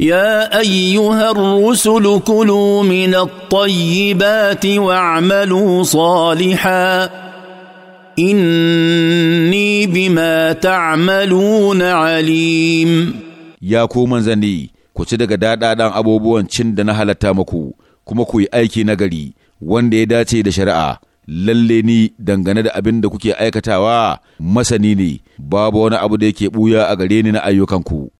يا ايها الرسل كلوا من الطيبات واعملوا صالحا inni bima ta'maluna alim ya ku manzanni ku ci daga daɗaɗan abubuwan cin da na halatta muku kuma ku yi aiki nagari wanda ya dace da shari'a lalle ni dangane da abin da kuke aikatawa masani ne babu wani abu da yake buya a gare ni na ayyukanku